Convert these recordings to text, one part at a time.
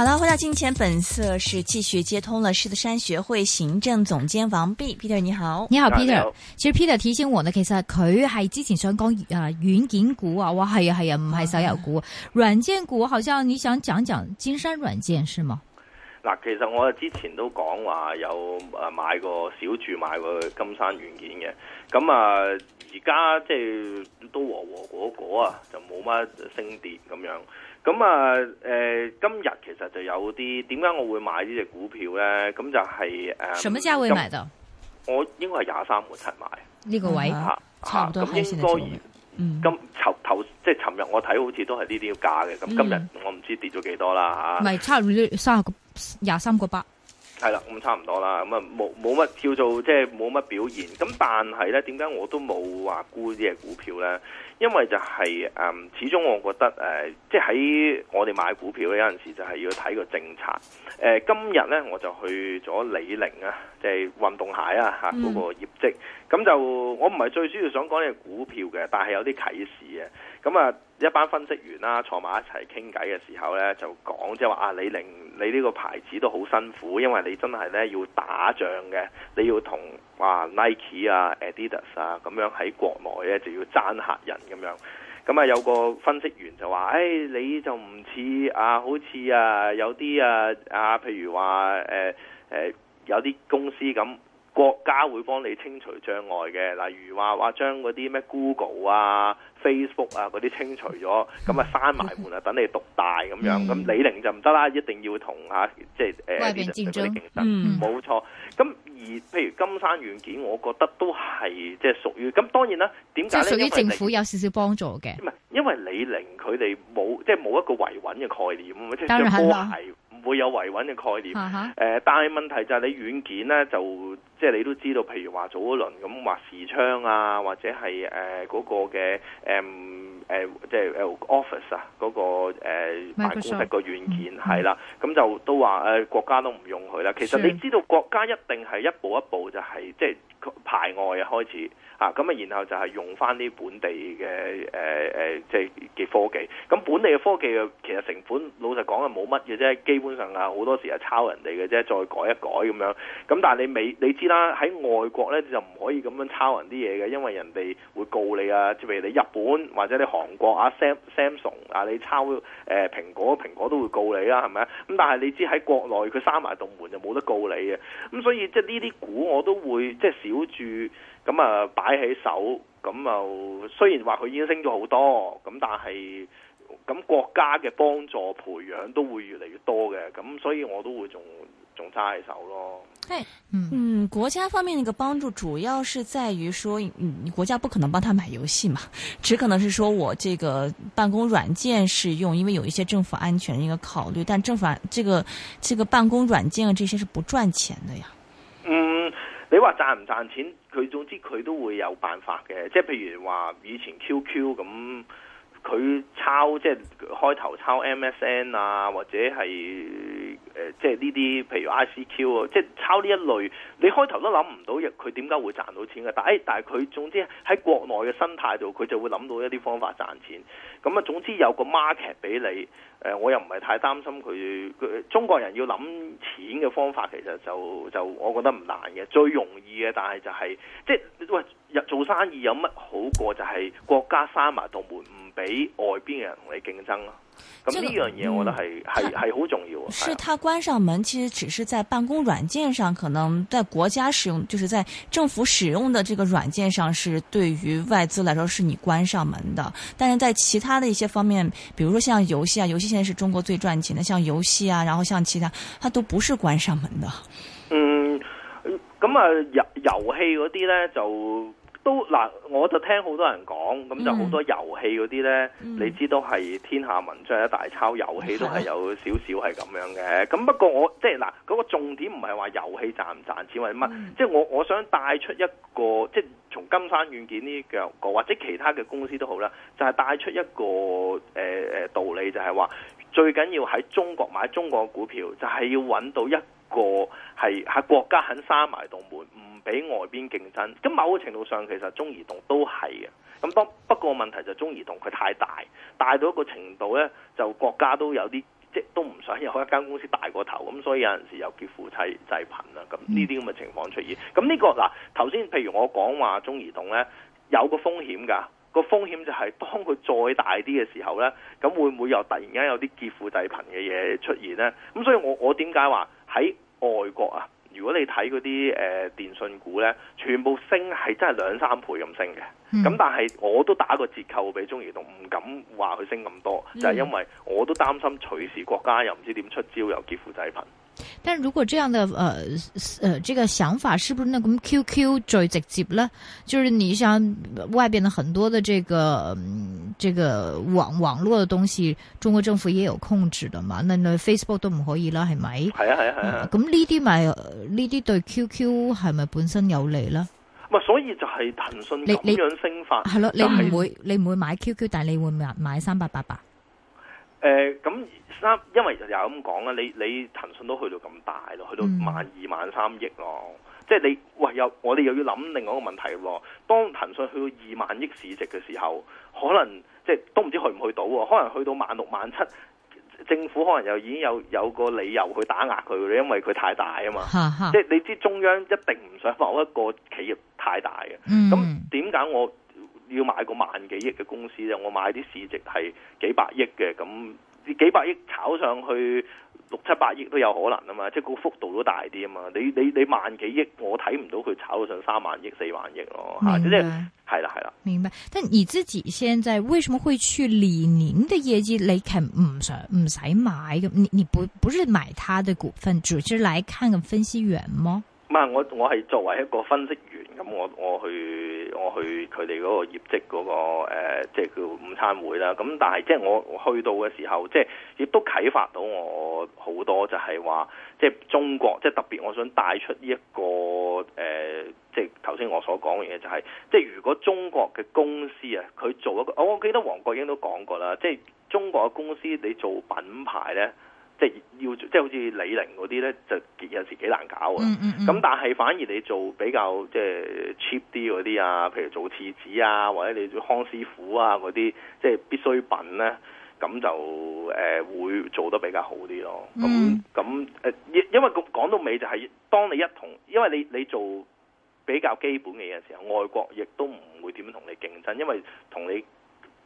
好啦，回到金錢本色，是繼續接通了獅子山學會行政總監王弼 Peter，你好，你好 Peter 你好。其實 Peter 提醒我呢，其實佢係之前想講啊、呃，軟件股啊，哇，係啊係啊，唔係、啊、手遊股，軟件股好像你想講一講金山軟件是嗎？嗱、啊，其實我之前都講話有啊買過小注，買過金山軟件嘅。咁啊，而家即係都和和果果啊，就冇乜升跌咁樣。咁啊、呃，今日其實就有啲點解我會買呢隻股票咧？咁就係、是、誒，今、呃、到、嗯、我應該係廿三個七買呢、嗯嗯啊啊、個位啊。咁應該而今尋即係尋日我，我睇好似都係呢啲價嘅。咁今日我唔知跌咗幾多啦嚇。唔、嗯、係，差唔多廿三個八。係啦，咁差唔多啦，咁啊冇冇乜叫做即係冇乜表現。咁但係咧，點解我都冇話沽啲嘅股票咧？因為就係、是、嗯，始終我覺得誒，即係喺我哋買股票咧，有陣時就係要睇個政策。誒、呃，今日咧我就去咗李寧啊，即、就、係、是、運動鞋啊嗰、那個業績。嗯咁就我唔係最主要想講呢個股票嘅，但係有啲啟示嘅。咁啊，一班分析員啦坐埋一齊傾偈嘅時候呢，就講即係話啊，李寧你呢個牌子都好辛苦，因為你真係呢要打仗嘅，你要同啊 Nike 啊、Adidas 啊咁樣喺國內呢，就要爭客人咁樣。咁啊，有個分析員就話，誒、哎，你就唔似啊，好似啊有啲啊啊，譬如話誒、啊啊、有啲公司咁。國家會幫你清除障礙嘅，例如話話、啊、將嗰啲咩 Google 啊、Facebook 啊嗰啲清除咗，咁啊閂埋門啊，等你獨大咁樣。咁、嗯、李寧就唔得啦，一定要同啊，即係誒競爭競爭，冇、呃嗯、錯。咁而譬如金山軟件，我覺得都係即係屬於。咁當然啦，點解咧？即、就、係、是、屬於政府有少少幫助嘅。唔係，因為李寧佢哋冇即係冇一個維穩嘅概念，即係波鞋。會有維穩嘅概念，誒、呃，但係問題就係你軟件咧，就即係你都知道，譬如話早一輪咁話視窗啊，或者係誒嗰個嘅、呃呃、即係 Office 啊，嗰個誒辦公室個軟件係啦，咁就都話誒、呃、國家都唔用佢啦。其實你知道國家一定係一步一步就係、是、即係排外啊，開始嚇，咁啊，然後就係用翻啲本地嘅誒誒，即係嘅科技。咁本地嘅科技其實成本老實講係冇乜嘅啫，基本上啊，好多時係抄人哋嘅啫，再改一改咁樣。咁但係你美你知啦，喺外國咧就唔可以咁樣抄人啲嘢嘅，因為人哋會告你啊。譬如你日本或者你韓國啊 Sam, Samsung 啊，你抄誒蘋果，蘋果都會告你啦，係咪啊？咁但係你知喺國內佢閂埋道門就冇得告你嘅。咁所以即係呢啲股我都會即係保住咁啊，擺起手咁啊，雖然話佢已經升咗好多，咁但係咁國家嘅幫助培養都會越嚟越多嘅，咁所以我都會仲仲揸喺手咯。係，嗯，國家方面個幫助主要是在於說，你、嗯、國家不可能幫他買遊戲嘛，只可能是說我這個辦公軟件是用，因為有一些政府安全一個考慮，但政府這個這個辦公軟件啊，這些是不賺錢的呀。你話賺唔賺錢，佢總之佢都會有辦法嘅，即係譬如話以前 QQ 咁。佢抄即係開頭抄 MSN 啊，或者係誒、呃，即係呢啲，譬如 ICQ 啊，即係抄呢一類，你開頭都諗唔到，佢點解會賺到錢嘅？但係，但係佢總之喺國內嘅生態度，佢就會諗到一啲方法賺錢。咁啊，總之有個 market 俾你，誒、呃，我又唔係太擔心佢。佢中國人要諗錢嘅方法，其實就就我覺得唔難嘅。最容易嘅，就是，但係就係即係喂，做生意有乜好過就係國家閂埋道門？俾外邊嘅人同你競爭咯，咁呢樣嘢、這個嗯、我覺得係係係好重要。是，他關上門，其實只是在辦公軟件上，可能在國家使用，就是在政府使用的這個軟件上，是對於外資來說是你關上門的。但是在其他的一些方面，比如說像遊戲啊，遊戲現在是中國最賺錢的，像遊戲啊，然後像其他，它都不是關上門的。嗯，咁啊遊遊戲嗰啲呢就。都嗱，我就聽好多人講，咁就好多遊戲嗰啲咧，你知都係天下文章一大抄，遊戲都係有少少係咁樣嘅。咁不過我即係嗱，嗰、嗰個重點唔係話遊戲賺唔賺錢或者乜，即係我我想帶出一個，即係從金山軟件呢個或者其他嘅公司都好啦，就係、是、帶出一個誒誒、呃、道理就，就係話最緊要喺中國買中國嘅股票，就係、是、要揾到一個係喺國家肯閂埋道門。俾外邊競爭，咁某個程度上其實中移動都係嘅。咁當不，不過問題就中移動佢太大，大到一個程度呢，就國家都有啲即都唔想有一間公司大過頭，咁所以有陣時又劫富濟濟貧啦。咁呢啲咁嘅情況出現，咁呢、呢個嗱頭先譬如我講話中移動呢，有個風險㗎，個風險就係當佢再大啲嘅時候呢，咁會唔會又突然間有啲劫富濟貧嘅嘢出現呢？咁所以我我點解話喺外國啊？如果你睇嗰啲誒電信股咧，全部升係真係兩三倍咁升嘅，咁、嗯、但係我都打個折扣俾中移動，唔敢話佢升咁多，嗯、就係因為我都擔心隨時國家又唔知點出招，又劫富濟貧。但如果這樣的，呃，呃這個想法是不是那咁 QQ 最直接呢，就是你想外邊的很多的這個、嗯、這個網網絡的東西，中國政府也有控制的嘛？那那 Facebook 都唔可以啦，係咪？係啊係啊係啊。咁呢啲咪呢啲對 QQ 係咪本身有利啦？唔係，所以就係騰訊點樣升法？係咯，你唔、就是、會你唔會買 QQ，但你會買買三八八八。誒咁三，因為又咁講啦，你你騰訊都去到咁大咯，去到萬二萬三億咯，即係你唯有我哋又要諗另外一個問題喎。當騰訊去到二萬億市值嘅時候，可能即係都唔知去唔去到，可能去到萬六萬七，政府可能又已經有有個理由去打壓佢，因為佢太大啊嘛。哈哈，即係你知中央一定唔想某一個企業太大嘅。咁點解我要買個萬幾億嘅公司啫，我買啲市值係幾百億嘅，咁幾百億炒上去六七百億都有可能啊嘛，即係個幅度都大啲啊嘛，你你你萬幾億我睇唔到佢炒上三萬億四萬億咯，嚇即係係啦係啦。明白，但你自己現在為什麼會去李寧嘅業績你肯唔使唔使買？你你不不是買他的股份，主要是來看個分析員嗎？唔係我我係作為一個分析員，咁我我去我去佢哋嗰個業績嗰個誒，即係叫午餐會啦。咁但係即係我去到嘅時候，即係亦都啟發到我好多，就係話即係中國，即係特別我想帶出一個誒，即係頭先我所講嘅嘢，就係即係如果中國嘅公司啊，佢做一個，我記得黃國英都講過啦，即係中國嘅公司你做品牌咧。即、就、係、是、要即係、就是、好似李寧嗰啲咧，就有時幾難搞啊！咁、嗯嗯嗯、但係反而你做比較即係、就是、cheap 啲嗰啲啊，譬如做廁紙啊，或者你做康師傅啊嗰啲，即係、就是、必需品咧，咁就誒、呃、會做得比較好啲咯。咁咁誒，因為講講到尾就係、是，當你一同，因為你你做比較基本嘅嘢嘅時候，外國亦都唔會點樣同你競爭，因為同你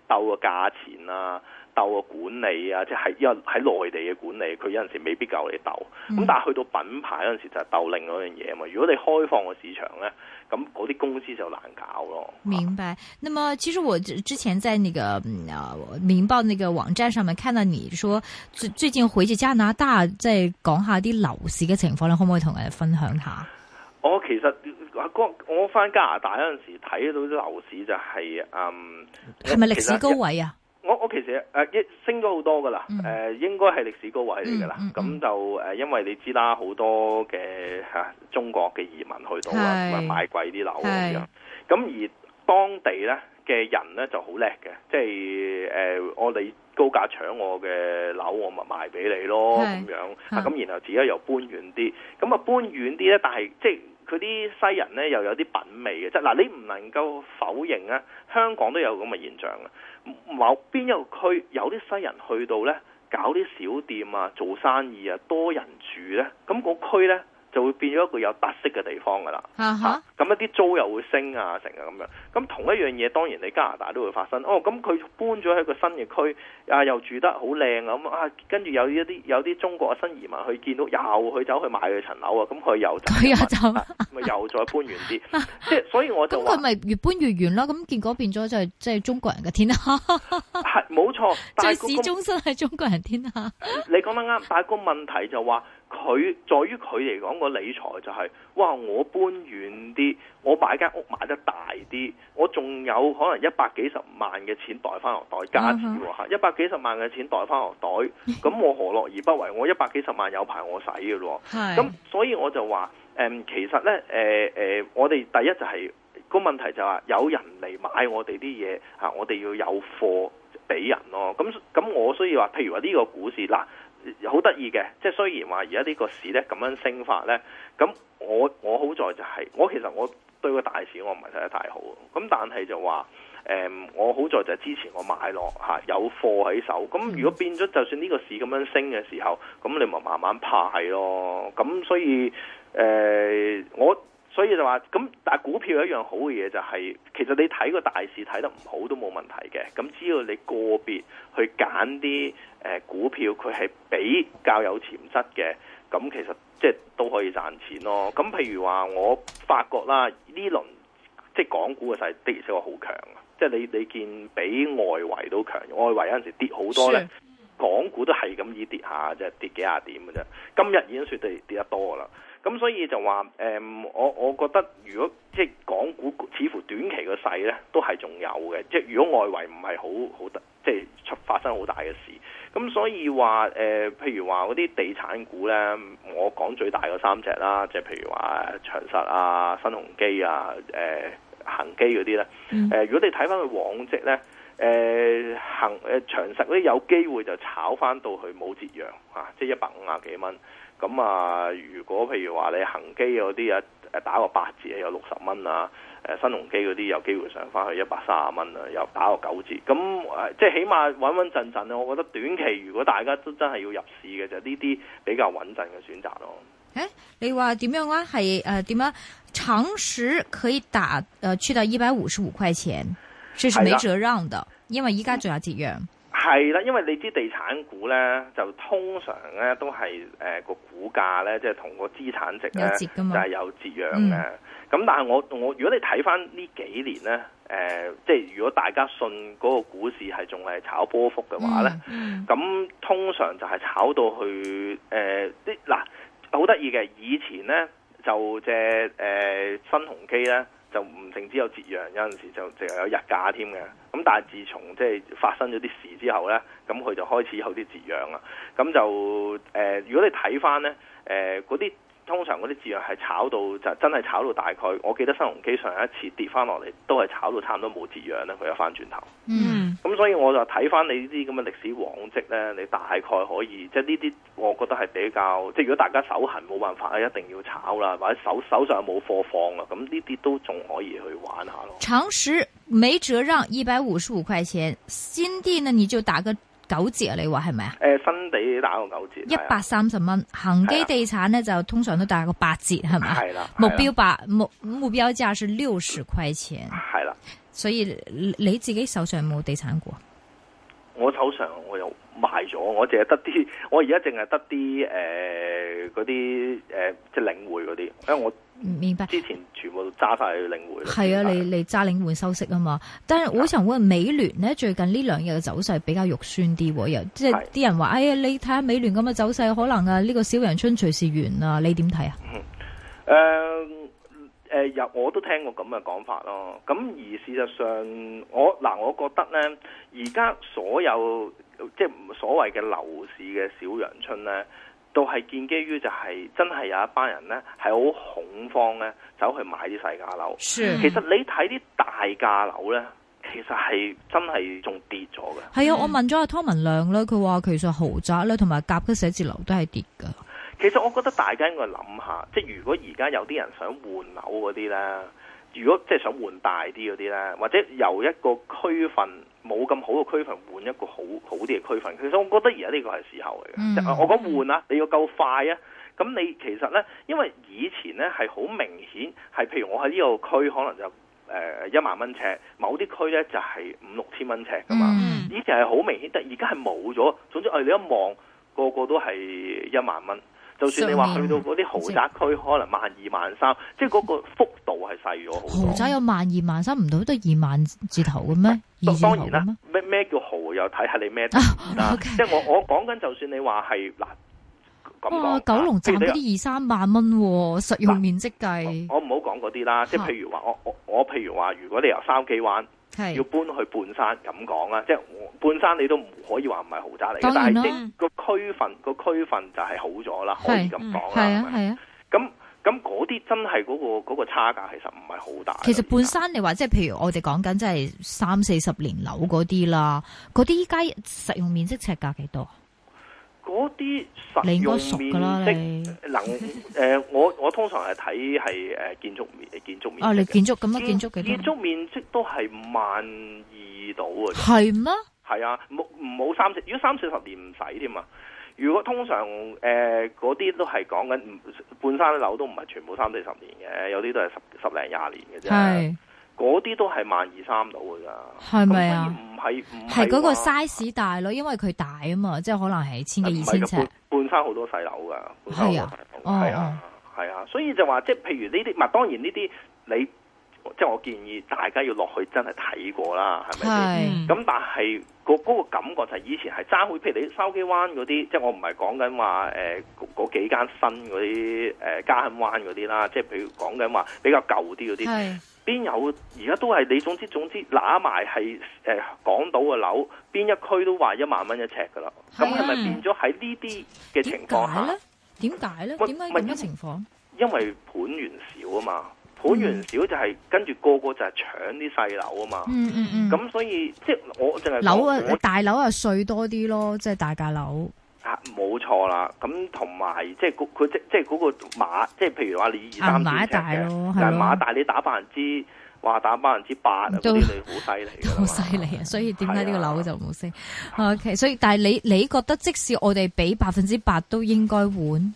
鬥個價錢啊。鬥嘅管理啊，即係因為喺內地嘅管理，佢有陣時未必夠你鬥。咁、嗯、但係去到品牌嗰陣時就係鬥另嗰樣嘢嘛。如果你開放個市場咧，咁嗰啲公司就難搞咯。明白。那麼其實我之前在那個啊明報那個網站上面看到你說最最近回去加拿大再講，即係講下啲樓市嘅情況，你可唔可以同我哋分享一下？我其實我翻加拿大嗰陣時睇到啲樓市就係、是、嗯係咪歷史高位啊？誒、啊、一升咗好多噶啦，誒、嗯啊、應該係歷史高位嚟噶啦。咁、嗯嗯嗯、就誒、啊，因為你知啦，好多嘅嚇、啊、中國嘅移民去到啊，買貴啲樓咁樣。咁而當地咧嘅人咧就好叻嘅，即係誒、啊、我哋高價搶我嘅樓，我咪賣俾你咯咁樣。咁、啊、然後自己又搬遠啲，咁啊搬遠啲咧，但係即係。嗰啲西人呢，又有啲品味嘅，即係嗱，你唔能夠否認啊，香港都有咁嘅現象啊，某邊一個區有啲西人去到呢，搞啲小店啊，做生意啊，多人住呢，咁個區呢。就會變咗一個有特色嘅地方㗎啦，嚇咁一啲租又會升啊，成日咁樣。咁同一樣嘢當然你加拿大都會發生。哦，咁佢搬咗喺一個新嘅區，啊又住得好靚咁啊，跟、啊、住有一啲有啲中國嘅新移民去見到，又去走去買佢層樓啊，咁佢又走，佢又走，咪、啊、又再搬遠啲，即 係所以我都話咁佢咪越搬越遠咯。咁結果變咗就係即係中國人嘅天下 係冇錯。但係嗰個、最市中心係中國人天下 你講得啱，但係個問題就話、是。佢在於佢嚟講個理財就係、是，哇！我搬遠啲，我擺間屋買得大啲，我仲有可能一百幾十萬嘅錢袋翻落袋加錢喎、uh-huh. 一百幾十萬嘅錢袋翻落袋，咁我何樂而不為？我一百幾十萬有排我使嘅咯，咁、uh-huh. 所以我就話，誒、嗯，其實呢，誒、呃、誒、呃，我哋第一就係、是，個問題就係有人嚟買我哋啲嘢嚇，我哋要有貨俾人咯，咁咁我所以話，譬如話呢個股市嗱。好得意嘅，即係雖然話而家呢個市呢咁樣升法呢，咁我我好在就係、是，我其實我對個大市我唔係睇得太好啊，咁但係就話誒、嗯，我好在就係之前我買落嚇有貨喺手，咁如果變咗就算呢個市咁樣升嘅時候，咁你咪慢慢派咯，咁所以誒、嗯、我。所以就話咁，但係股票一樣好嘅嘢就係、是，其實你睇個大市睇得唔好都冇問題嘅。咁只要你個別去揀啲、呃、股票，佢係比較有潛質嘅，咁其實即係都可以賺錢咯。咁譬如話，我發覺啦，呢輪即係港股嘅勢的而且確好強啊！即係你你見比外圍都強，外圍有陣時跌好多咧，港股都係咁以跌下啫，跌幾廿點嘅啫。今日已經算係跌得多啦。咁所以就話、嗯、我我覺得如果即係港股似乎短期個勢咧，都係仲有嘅。即係如果外圍唔係好好，即係出發生好大嘅事。咁所以話、呃、譬如話嗰啲地產股咧，我講最大嗰三隻啦，即係譬如話長實啊、新鴻基啊、誒、呃、恆基嗰啲咧。誒、如果你睇翻佢往績咧。誒、呃，恆誒長實嗰啲有機會就炒翻到去冇折讓吓、啊，即係一百五廿幾蚊。咁啊，如果譬如話你恆基嗰啲啊，誒、啊、打個八折有六十蚊啊，誒新鴻基嗰啲有機會上翻去一百三十蚊啊，又打個九折。咁誒，即係起碼穩穩陣陣。我覺得短期如果大家都真係要入市嘅，就呢啲比較穩陣嘅選擇咯。誒、欸，你話點樣啊？係誒點樣？長實可以打誒、呃、去到一百五十五塊錢。確實冇折讓的，是的，因為依家仲有折讓。係啦，因為你啲地產股呢，就通常呢都係誒個股價呢，即係同個資產值呢，節的就係、是、有折讓嘅。咁、嗯、但係我我如果你睇翻呢幾年呢，誒、呃、即係如果大家信嗰個股市係仲係炒波幅嘅話呢，咁、嗯嗯、通常就係炒到去誒啲嗱好得意嘅，以前呢就借誒、呃、新鴻基呢就唔淨止有折讓，有陣時就淨係有日假添嘅。咁但係自從即係發生咗啲事之後呢，咁佢就開始有啲折讓啦。咁就誒、呃，如果你睇翻呢，誒嗰啲通常嗰啲折讓係炒到就真係炒到大概，我記得新鴻基上一次跌翻落嚟都係炒到差唔多冇折讓呢，佢又翻轉頭。嗯。咁所以我就睇翻你呢啲咁嘅歷史往績咧，你大概可以即係呢啲，我覺得係比較即係如果大家手痕冇辦法咧，一定要炒啦，或者手手上冇貨放啊，咁呢啲都仲可以去玩一下咯。長實沒折讓，一百五十五塊錢，新地呢，你就要打個九折，你話係咪啊？誒、欸，新地打個九折，一百三十蚊。恒基、啊啊、地產呢就通常都打個八折，係咪？係啦、啊啊。目標價目，目標價是六十塊錢。 所以你自己手上冇地產股？我手上我又賣咗，我淨係得啲，我而家淨係得啲誒，嗰啲誒，即係領匯嗰啲，因為我唔明白之前全部揸晒去領匯。係啊，你你揸領匯收息啊嘛？但係我成日美聯呢最近呢兩日嘅走勢比較肉酸啲，又即係啲人話，哎呀，你睇下美聯咁嘅走勢，可能啊呢個小陽春隨時完啊。」你點睇啊？誒、嗯。呃誒、呃，入我都聽過咁嘅講法咯。咁而事實上，我嗱、呃，我覺得呢，而家所有即係所謂嘅樓市嘅小陽春呢，都係建基於就係、是、真係有一班人呢，係好恐慌呢，走去買啲細價樓。Sure. 其實你睇啲大價樓呢，其實係真係仲跌咗嘅。係啊，我問咗阿湯文亮呢，佢話其實豪宅呢，同埋甲級寫字樓都係跌㗎。其實我覺得大家應該諗下，即係如果而家有啲人想換樓嗰啲咧，如果即係想換大啲嗰啲咧，或者由一個區份冇咁好嘅區份換一個好好啲嘅區份，其實我覺得而家呢個係時候嚟嘅、嗯。我講換啊，你要夠快啊，咁你其實咧，因為以前咧係好明顯係，係譬如我喺呢個區可能就誒、呃、一萬蚊尺，某啲區咧就係、係、五六千蚊尺噶嘛、嗯。以前係好明顯，但而家係冇咗。總之我哋一望，個個都係一萬蚊。就算你話去到嗰啲豪宅區，可能萬二萬三，即係嗰、嗰個幅度係細咗好多。豪宅有萬二萬三唔到，都二萬字頭嘅咩？當然啦，咩咩叫豪又睇下你咩、啊 okay，即係我我講緊就算你話係嗱咁講，九龍站嗰啲二三萬蚊，實用面積計。我唔好講嗰啲啦，啊、即係譬如話我我我譬如話，如果你由三幾萬。要搬去半山咁講啦，即係半山你都唔可以話唔係豪宅嚟嘅，但係啲個區份個區份就係好咗啦，可以咁講啦。係啊，係啊，咁咁嗰啲真係嗰個嗰個差價其實唔係好大。其實半山你話即係譬如我哋講緊即係三四十年樓嗰啲啦，嗰啲依家實用面積尺價幾多？嗰啲實用面積能，誒、 呃、我我通常係睇係誒建築面建築面。哦、啊，你建築咁啊，建築嘅建築面積都係萬二度啊。係咩？係啊，冇好三四，如果三四十年唔使添啊。如果通常誒嗰啲都係講緊半山樓都唔係全部三四十年嘅，有啲都係十十零廿年嘅啫。嗰啲都係萬二三度噶，係咪啊？唔係唔係，嗰個 size 大咯，因為佢大啊嘛，即係可能係千幾、二千尺，半山好多細樓噶，半山樓，係啊，係啊、哦啊，哦、啊，所以就話即係，譬如呢啲，唔當然呢啲，你即係我建議大家要落去真係睇過啦，係咪？咁、嗯、但係個嗰感覺就係以前係爭好，譬如你筲箕灣嗰啲，即係我唔係講緊話誒嗰幾間新嗰啲誒嘉亨灣嗰啲啦，即係譬如講緊話比較舊啲嗰啲。邊有而家都係你總之總之拿埋係誒港島嘅樓，邊、呃、一區都話一萬蚊一尺噶啦，咁係咪變咗喺呢啲嘅情況下？點解呢？點解呢？點解咁嘅情況？因為盤源少啊嘛，盤源少就係、是嗯、跟住個個就係搶啲細樓啊嘛，嗯嗯嗯，咁所以即係我淨係樓啊，大樓啊稅多啲咯，即、就、係、是、大價樓。啊，冇錯啦，咁同埋即係佢即即係嗰個馬，即係譬如話你二三馬大，嘅，但係馬大你打百分之，話打百分之八啊，呢你好犀利，好犀利啊！所以點解呢個樓就冇升？OK，所以但係你你覺得即使我哋俾百分之八都應該換？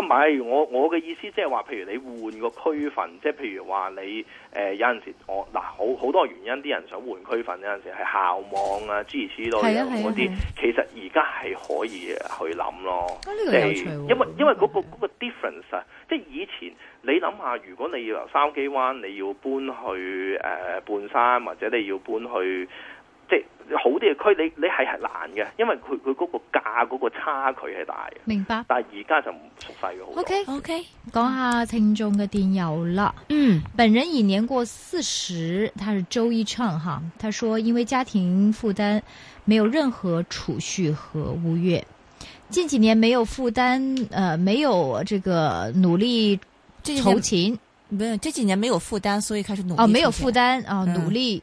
唔、啊、係，我我嘅意思即係話，譬如你換個區份，即、就、係、是、譬如話你誒、呃、有陣時我，我、呃、嗱好好多原因，啲人想換區份，有陣時係校網啊諸如此類啲，其實而家係可以去諗咯。即、啊、呢、這個有趣哦呃、因為因為嗰、那個嗰、啊那個 difference 啊，即、就、係、是、以前你諗下，如果你要由筲箕灣，你要搬去誒半、呃、山，或者你要搬去好啲嘅區，你你係係難嘅，因為佢佢個價個差距係大嘅。明白。但係而家就唔熟細嘅好多。O K O K，講下聽眾嘅電郵啦。嗯，本人已年過四十，他是周一暢哈，他說因為家庭負擔，沒有任何儲蓄和物業，近幾年沒有負擔，呃，沒有這個努力籌勤，沒有這幾年沒有負擔，所以開始努力哦，沒有負擔啊，努力。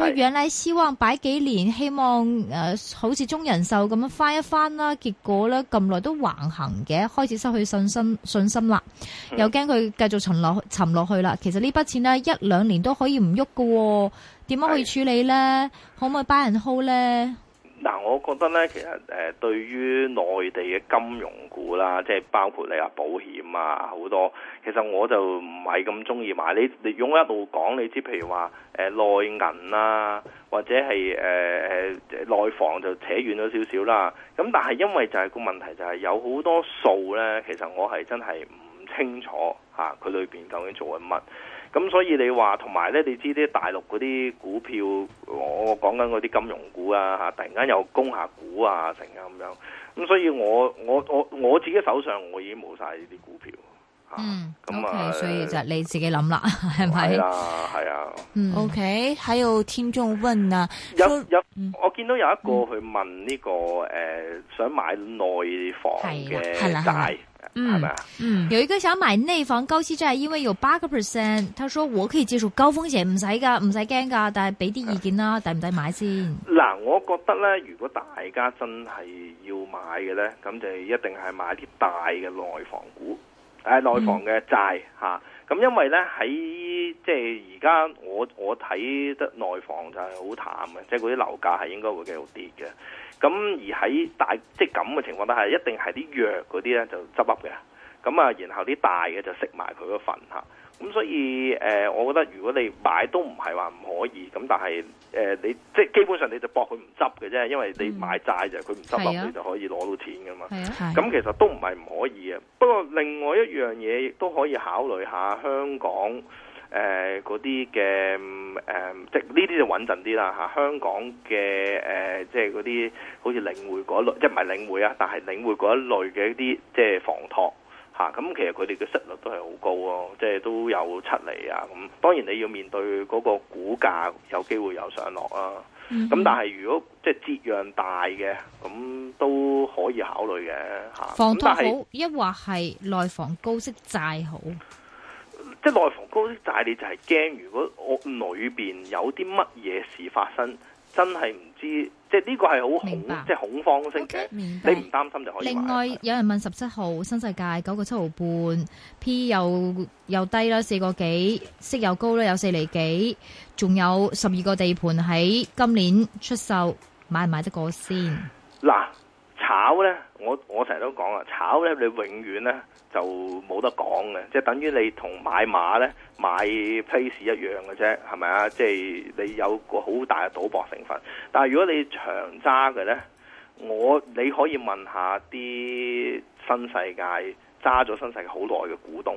佢養嚟希望擺幾年，希望誒、呃、好似中人壽咁樣翻一翻啦。結果咧，咁耐都橫行嘅，開始失去信心信心啦。又驚佢繼續沉落沉落去啦。其實呢筆錢呢，一兩年都可以唔喐㗎喎，點樣可以處理咧？可唔可以 buy and hold 咧？嗱，我覺得咧，其實誒對於內地嘅金融股啦，即係包括你話保險啊好多，其實我就唔係咁中意買。你你用一路講，你知譬如話誒內銀啊，或者係誒誒內房就扯遠咗少少啦。咁但係因為就係個問題，就係有好多數咧，其實我係真係唔清楚嚇佢裏邊究竟做緊乜。咁所以你話，同埋咧，你知啲大陸嗰啲股票，我講緊嗰啲金融股啊，吓突然間又供下股啊，成啊咁樣。咁所以我我我我自己手上我已經冇晒呢啲股票。嗯，咁啊，okay, 所以就你自己諗啦，係、嗯、咪？係啊，係啊。嗯。OK，還有聽眾問啊，有有、嗯、我見到有一個去問呢、這個誒、嗯呃，想買內房嘅債、啊。嗯，係咪啊？嗯，有一個想買內房高息債，因為有八個 percent，佢說我可以接受高風險，唔使噶，唔使驚噶，但係俾啲意見啦，抵唔抵買先？嗱，我覺得咧，如果大家真係要買嘅咧，咁就一定係買啲大嘅內房股，誒、呃，內房嘅債吓，咁、嗯啊、因為咧喺即係而家我我睇得內房就係好淡嘅，即係嗰啲樓價係應該會繼續跌嘅。咁而喺大即咁嘅情況下，一定係啲弱嗰啲咧就執笠嘅。咁啊，然後啲大嘅就食埋佢嗰份。咁所以誒、呃，我覺得如果你買都唔係話唔可以，咁但係誒、呃、你即係基本上你就搏佢唔執嘅啫，因為你買債就佢唔執笠，嗯啊，你就可以攞到錢噶嘛。咁、啊啊啊、其實都唔係唔可以嘅。不過另外一樣嘢亦都可以考慮下香港。誒嗰啲嘅誒，即呢啲就穩陣啲啦、啊、香港嘅、啊、即係嗰啲好似領匯嗰類，即係唔係領匯啊，但係領匯嗰一類嘅一啲即係房託。咁其實佢哋嘅息率都係好高咯，即係都有七釐啊咁。當然你要面對嗰個股價有機會有上落啊。咁、嗯、但係如果即係折讓大嘅，咁都可以考慮嘅、啊、房託好，一或係內房高息債好。即係內房高息債，你就係驚，如果我裏面有啲乜嘢事發生，真係唔知。即係呢個係好恐，即係恐慌性嘅、okay。你唔擔心就可以買。另外有人問十七號新世界九個七毫半，P 又又低啦，四個幾息又高啦，有四厘幾。仲有十二個地盤喺今年出售，買唔買得過先？嗱。炒咧，我我成日都講啊，炒咧你永遠咧就冇得講嘅，即係等於你同買馬咧買 place 一樣嘅啫，係咪啊？即係你有個好大嘅賭博成分。但係如果你長揸嘅咧，我你可以問下啲新世界。揸咗新世好耐嘅股東，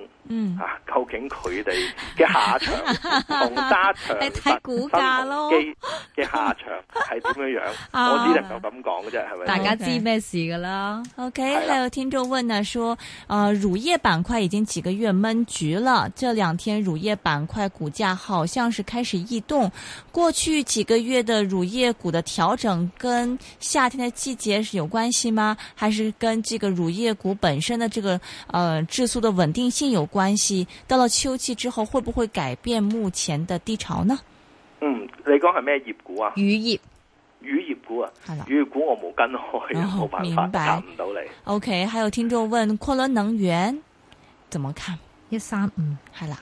究竟佢哋嘅下場， 那場 價同揸長嘅新鴻基嘅下場係點樣樣？ 我只能夠就咁講嘅啫，係咪？大家知咩事噶啦？OK，有聽眾問啊，說，啊、 okay. okay, 呃，乳業板塊已經幾個月悶局了，這兩天乳業板塊股價好像是開始異動。過去幾個月的乳業股的調整，跟夏天的季節是有關係嗎？還是跟這個乳業股本身的這個？呃質素的穩定性有關係。到了秋季之後，會不會改變目前的低潮呢？嗯，你講係咩業股啊？漁業，漁業股啊，係啦，魚業股我冇跟開，冇辦法答唔到你。OK，還有聽眾問昆侖能源怎麼看？一三五係啦，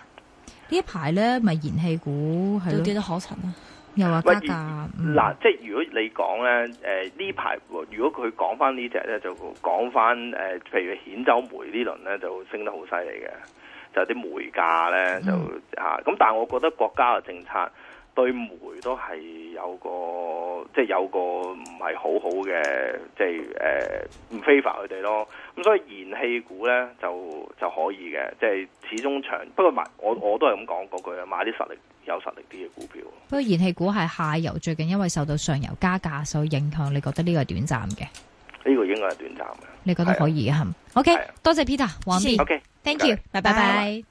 是呢一排咧咪燃氣股係咯跌得好慘啊！唔如，嗱、嗯，即係如果你講咧，誒呢排如果佢講翻呢隻咧，就講翻誒、呃，譬如顯州煤輪呢輪咧，就升得好犀利嘅，就啲煤價咧就吓。咁、嗯啊、但係我覺得國家嘅政策對煤都係有個，即係有個唔係好好嘅，即係誒唔 favor 佢哋咯。咁所以燃氣股咧就就可以嘅，即係始終長。不過買我我都係咁講嗰句啊，買啲實力。有實力啲嘅股票。不過燃氣股係下游，最近因為受到上游加價所影響，你覺得呢個係短暫嘅？呢個應該係短暫嘅。你覺得可以啊？吓，OK，多謝 Peter，完畢，OK，Thank you, okay，拜拜拜。